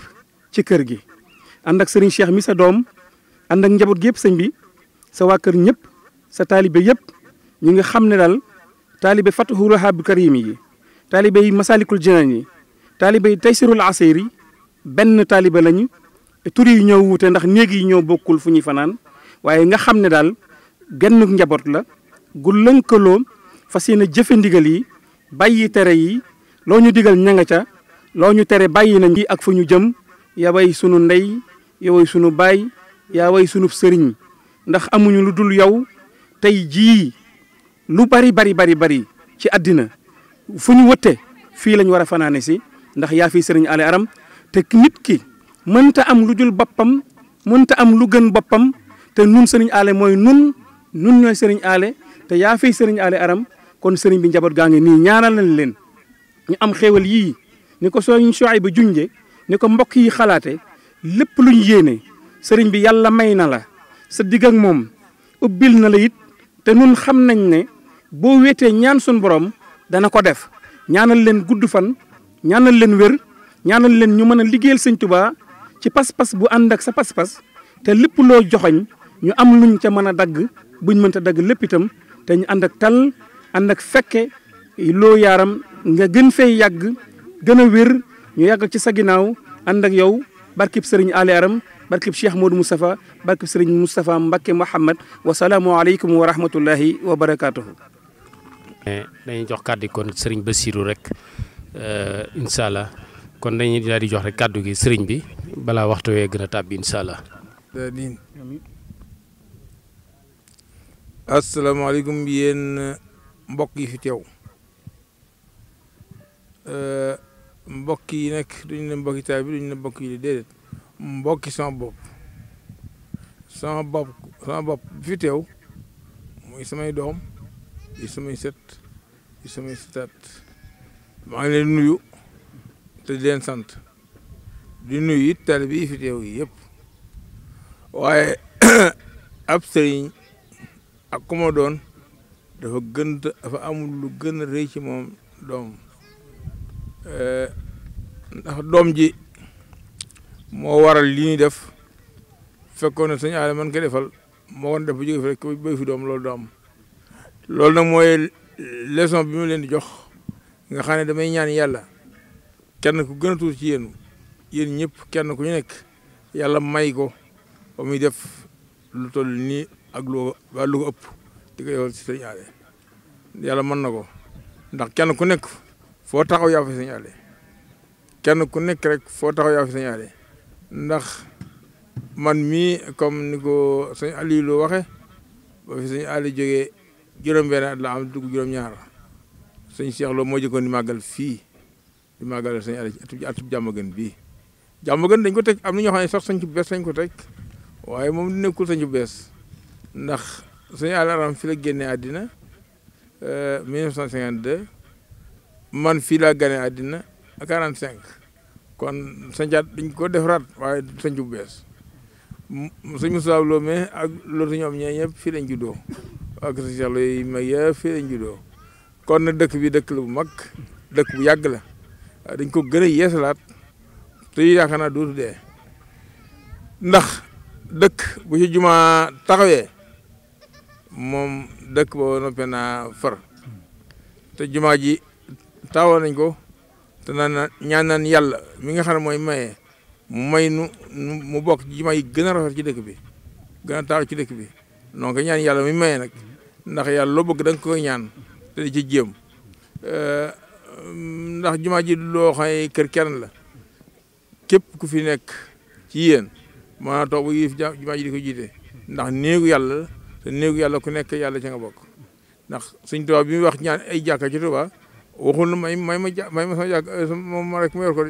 ci kër gi. ànd ak sëriñ Cheikh mi sa doom ànd ak njaboot gi yëpp sëñ bi sa waa kër ñëpp sa taalibe yëpp ñi nga xam ne daal taalibe Fatahul Wahhab Karim yi taalibe yi Masaalikul Jinaan yi taalibe yi Taysirul la yi benn taalibe lañu tur yi ñoo wuute ndax néeg yi ñoo bokkul fu ñuy fanaan waaye nga xam ne daal genn njaboot la gu lënkaloo fas yéene jëfe ndigal yi bàyyi tere yi loo ñu digal ña ca loo ñu tere bàyyi nañ ci ak fu ñu jëm yaa way sunu ndey yaa sunu baay yaway way sunu sëriñ ndax amuñu lu dul yow tey jii lu bari bari bari bari ci àddina fu ñu wëttee fii lañ war a fanaane si ndax yaa fii sëriñ ale aram te nit ki mënta am lu jul boppam mënta am lu gën boppam te nun sëriñ ale mooy nun nun ñooy sëriñ ale te yaa fii sëriñ ale aram kon sëriñ bi njaboot gaa ngi nii ñaanal nañ leen ñu am xéewal yii ni ko soo soay ba junje ni ko mbokk yi xalaate lépp luñ yéene sëriñ bi yàlla may na la sa digg moom ubbil na la it te nun xam nañ ne boo wetee ñaan suñ boroom dana ko def ñaanal leen gudd fan ñaanal leen wér ñaanal leen ñu mën a liggéeyal sëñ Tuubaa ci pas-pas bu ànd ak sa pas-pas te lépp loo joxoñ ñu am luñ ca mën a dagg buñ mënta dagg lépp itam te ñu ànd ak tal ànd ak fekke loo yaaram nga gën fay yàgg gën a wér ñu yàgg ci sa ginnaaw ànd ak yow barkib sëriñ Ali Aram barkib Cheikh Modou Moustapha barkib sëriñ Moustapha Mbacké Mouhamad wasalaamu aleykum wa rahmatullahi wa barakaatuhu mais dañuy jox kàdd kon sëriñ ba Bassirou rek euh, incha allah kon dañuy daal di jox rek kàddu gi sëriñ bi balaa waxtu wee gën a tàbbi incha allah. asalaamaaleykum yéen mbokk yi fi teew euh, mbokk yi nag duñu ne mbokki bi duñu mbokk yi di déedéet mbokki sama bopp sama bopp sama bopp fi teew muy samay doom. di samay set di samay setaat maa ngi leen nuyu te den sant di nuyu it taalibe yi fi teew yi yëpp waaye [clears throat] ab sëriñ ak ku ma doon dafa gën amul lu gën a ci moom doom eh, ndax doom ji moo waral li ñuy def fekkoon ne sëñ aale man ko defal moo woon def ba jóge fi rek bay fi doom loolu doom loolu nag mooy leson bi mu leen di jox nga xam ne damay ñaan yàlla kenn ku gën a tuuti ci yéen yéen ñëpp kenn ku ñu nekk yàlla may ko ba muy def lu toll nii ak lu waa lu ëpp di ko yow si sëriñ Allé yàlla mën na ko ndax kenn ku nekk foo taxaw yaa fi sëriñ kenn ku nekk rek foo taxaw yaa fi ndax man mi comme ni ko sëriñ Aliou loo waxe ba fi sëriñ Allé juróom-benn at la am dugg juróom-ñaar sëñ Cheikh moo jëkkoon di màggal fii di màggal sëñ Aliou ci atub gën bii jàmm gën dañ ko teg am na ñoo xam ne sax sëñ bu bees dañ ko teg waaye moom du nekkul sëñ bu bees ndax sëñ Aliou Aram fi la génnee àddina 1952 euh, man fii laa gane àddina 45 kon sëñaat dañ ko defaraat waaye sëñ bu bees sëñ Moussa Lo mais ak loolu ñoom ñee ñëpp fii lañ juddoo ak yàlla yi mag yëpp fii lañ kon dëkk bi dëkk la bu mag dëkk bu yàgg la dañ ko gën a laat te yaakaar naa dootu dee ndax dëkk bu ci jumaa taxawee moom dëkk boo noppee naa te jumaa ji taawoo nañ ko te naan ñaan naan yàlla mi nga xam ne mooy maye mu may nu mu bokk ci jumaa yi gën a rafet ci dëkk bi gën a taaw ci dëkk bi donc ñaan yàlla mi maye nag ndax yàlla loo bëgg da nga koy ñaan te di ci jéem euh, ndax jumaa ji loo xam kër kenn la képp ku fi nekk ci yéen maanaam toog ba yii jumaa ji di ko jiite ndax néegu yàlla te néegu yàlla ku nekk yàlla ca nga bokk ndax suñ Tuubaa bi muy wax ñaan ay jàkka ci Tuubaa waxul na may may ma ja may ma sama jàkk euh, moom ma rek ma yor ko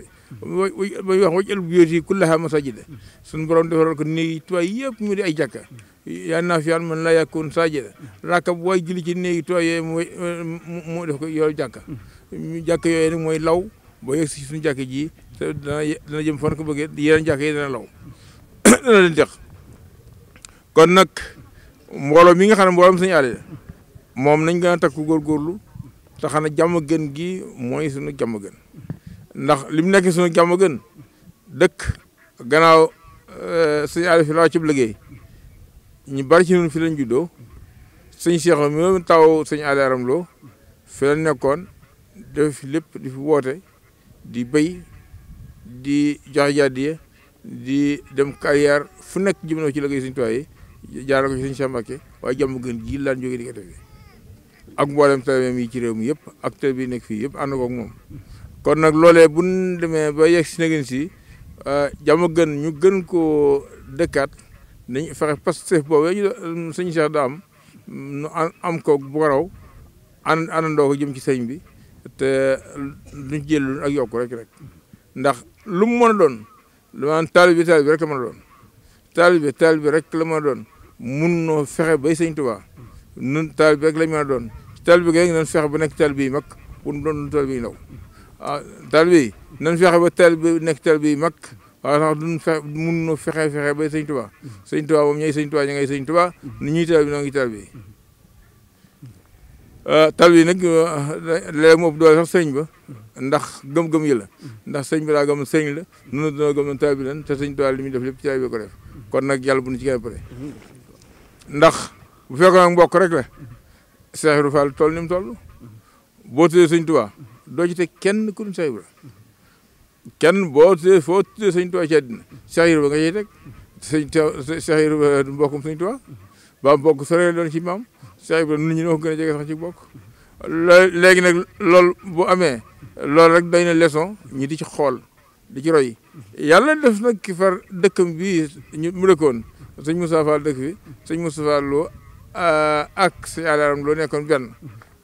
muy wax waj ël bu yóoti kullaha masajida suñ borom defaral ko néegi Tuubaa yëpp mu di ay jakka yan naas yàlla man laa yàkkoon sajida rakab waay julli ci néegi tooyee mooy def ko yooyu jàkka jàkka yooyu nag mooy law boo yegg si suñu jàkk ji te dana dana jëm fan ko bëggee yeneen jàkk yi dana law [coughs] dana leen jeex kon nag mbooloo mi nga xam ne mbooloom suñu àll moom nañ gën a takku góorgóorlu te xanaa jàmm gën gi mooy suñu jàmm gën ndax li mu nekk suñu jàmm gën dëkk gannaaw euh, suñu àll fi laa cib liggéey ñu bari ci ñun fi lañ juddoo sëñ Cheikh moom taw sëñ Aly Aram Lo fi nekkoon def lépp di fi woote di béy di joxe jàddiye di dem carrière fu nekk jëmnoo ci liggéey sëñ Tuubaa yi jaarale ko ci sëñ Cheikh Mbacké waaye jàmm gën gii laan jógee di ko ak mboolem taalibeem yi ci réew mi yëpp ak taalibe yi nekk fii yëpp ànd ko ak moom kon nag loole bu ñu demee ba yegg si na si ah, jàmm gën ñu gën koo dëkkaat nañ fexe Pastef boobu ñu euh, sëñ Cheikh daa am nu am ko bu ko raw an àndandoo ko jëm ci sëñ bi te luñ jël ak yokku rek rek ndax lu mu mën a doon lu ma taalibe taalibe rek la mën doon rek la mën a doon mun noo fexe bay sëñ Tuubaa nun taalibe rek la mën doon taalibe gi rek nañ ba nekk taalibe yi mag pour doon taalibe yi ndaw ah taalibe yi nañ ba taalibe nekk taalibe yi mag waaye sax duñ mun na fexe fexe ba sëñ Tuubaa sëñ Tuubaa moom ñooy sëñ Tuubaa ñu ngay sëñ nu ñuy taal bi noo ngi taal bi euh, tal bi nag euh, léeg mu sëñ ba ndax gëm-gëm yi la ndax sëñ bi daa gëm sëñ la nunu dina gëm na taal bi lan te sëñ Tuubaa li muy def lépp ci ko def kon nag yàlla bu nu ci kenn pare ndax bu fekkoon ak mbokk rek la Seex Ibra Faal tol ni mu toll boo tuddee sëñ Tuubaa doo ci teg kenn ku dul Seex Ibra kenn boo tuddee foo tuddee sëñ Tuubaa ci àddina Cheikh Yérim ba nga ciy teg sëñ Cheikh Yérim ba mbokkum sëñ Tuubaa ba bokk sore doon ci maam Cheikh Ibra nit ñi noo ko gën a jege sax ci bokk léegi nag lool bu amee loolu rek day na leçon ñi di ci xool di ci roy yàlla def nag ki far dëkkam bii ñu mu dëkkoon sëñ Moussa Fall dëkk fi sëñ Moussa Fall lu ah, ak sëñ Alaram loo nekkoon benn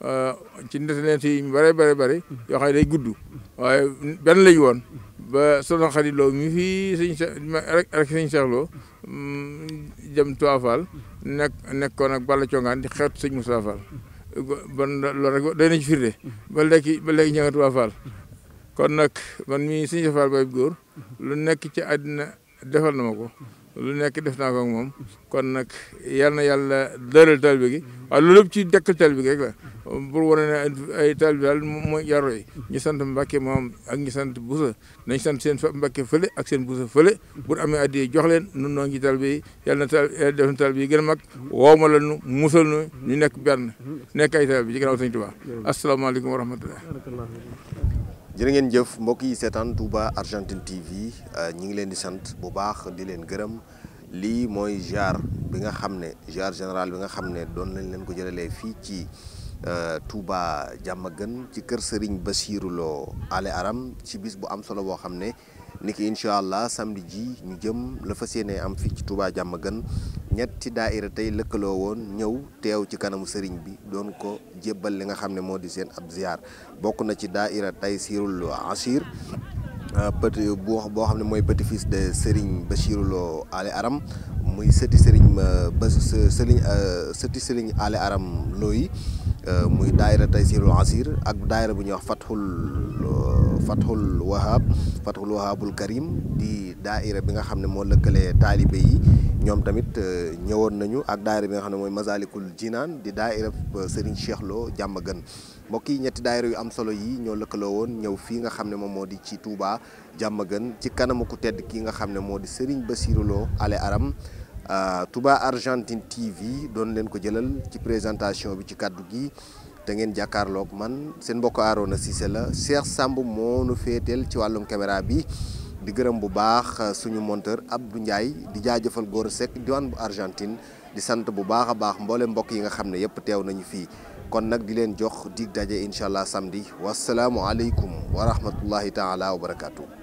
Euh, ci nettali yi ñu bëree bëri bëri yoo xam day gudd waaye benn lañu woon ba soxna Xadi Lo mi fii sëñ rek rek sëñ Cheikh mm, nekk nekkoon ak Balla Congaan di xeetu sëñ Moussa Fall ban loolu rek doy na ci firnde ba léegi ba léegi ñëw kon nag man mii sëñ Cheikh Fall bay góor lu nekk ci àddina defal na ma ko lu nekk def naa ko moom kon nag yal na yàlla dëral taal bi gi waaye ci dekkal taal bi gi rek la pour wane ne ay taal bi daal mooy jarro yi ñu sant Mbàkke moom ak ñu sant Busa nañ sant seen Mbàkke fële ak seen Busa fële bu amee addiye jox leen nun noo ngi taal bi yàlla na taal def na gën a mag wooma la nu musal nu ñu nekk benn nekk ay taal bi ci gannaaw Sëñ Tuubaa asalaamaaleykum wa rahmatullah jërë ngeen jëf mbokk yi seetaan Touba Argentine TV euh, ñi ngi leen di sant bu baax di leen gërëm lii mooy ziar bi nga xam ne ziar général bi nga xam ne doon lañ leen ko jëlalee fii ci euh, Touba gën ci kër Serigne Bassirou Lo Ale Aram ci bis bu am solo boo xam ne niki incha allah samedi ji ñu jëm la fas yéene am fii ci Touba Diamaguène ñetti daaira tey lëkkaloo woon ñëw teew ci kanamu sëriñ bi doon ko jébbal li nga xam ne moo di seen ab ziar bokk na ci daaira tey siirul asir euh, petit bu boo xam ne mooy petit de Serigne Bachirou Lo Aram muy sëti Serigne euh, ba Serigne euh, sëti Serigne Ale Aram looyi muy daaira tey siirul asir ak daaira bu ñuy wax Fathul Fathul Wahab Fathul Wahabul Karim di daaira bi nga xam ne moo lëkkale taalibe yi ñoom tamit euh, ñëwoon nañu ak daaira bi nga xam ne mooy Masalikul Jinaan di daaira euh, Serigne Cheikh Lo jàmm gën mbokk yi ñetti daayira yu am solo yi ñoo lëkkaloo woon ñëw fii nga xam ne moom moo di ci Touba jàmm gën ci kanamu ku tedd ki nga xam ne moo di Serigne Bassirou Lo ale aram euh, Touba Argentine TV doon leen ko jëlal ci présentation bi ci kàddu gi te ngeen jàkkaarloog man seen mbokk Arona Cissé la Cheikh Samb moo nu féeteel ci wàllum caméra bi di gërëm bu baax euh, suñu monteur Abdou Ndiaye di jaajëfal Gora Seck diwaan bu Argentine di sant bu baax a baax mboole mbokk yi nga xam ne yëpp teew nañu fii kon nag di leen jox dig daje incha allah samedi wasalaamualeykum wa rahmatullahi taala wa barakaatu.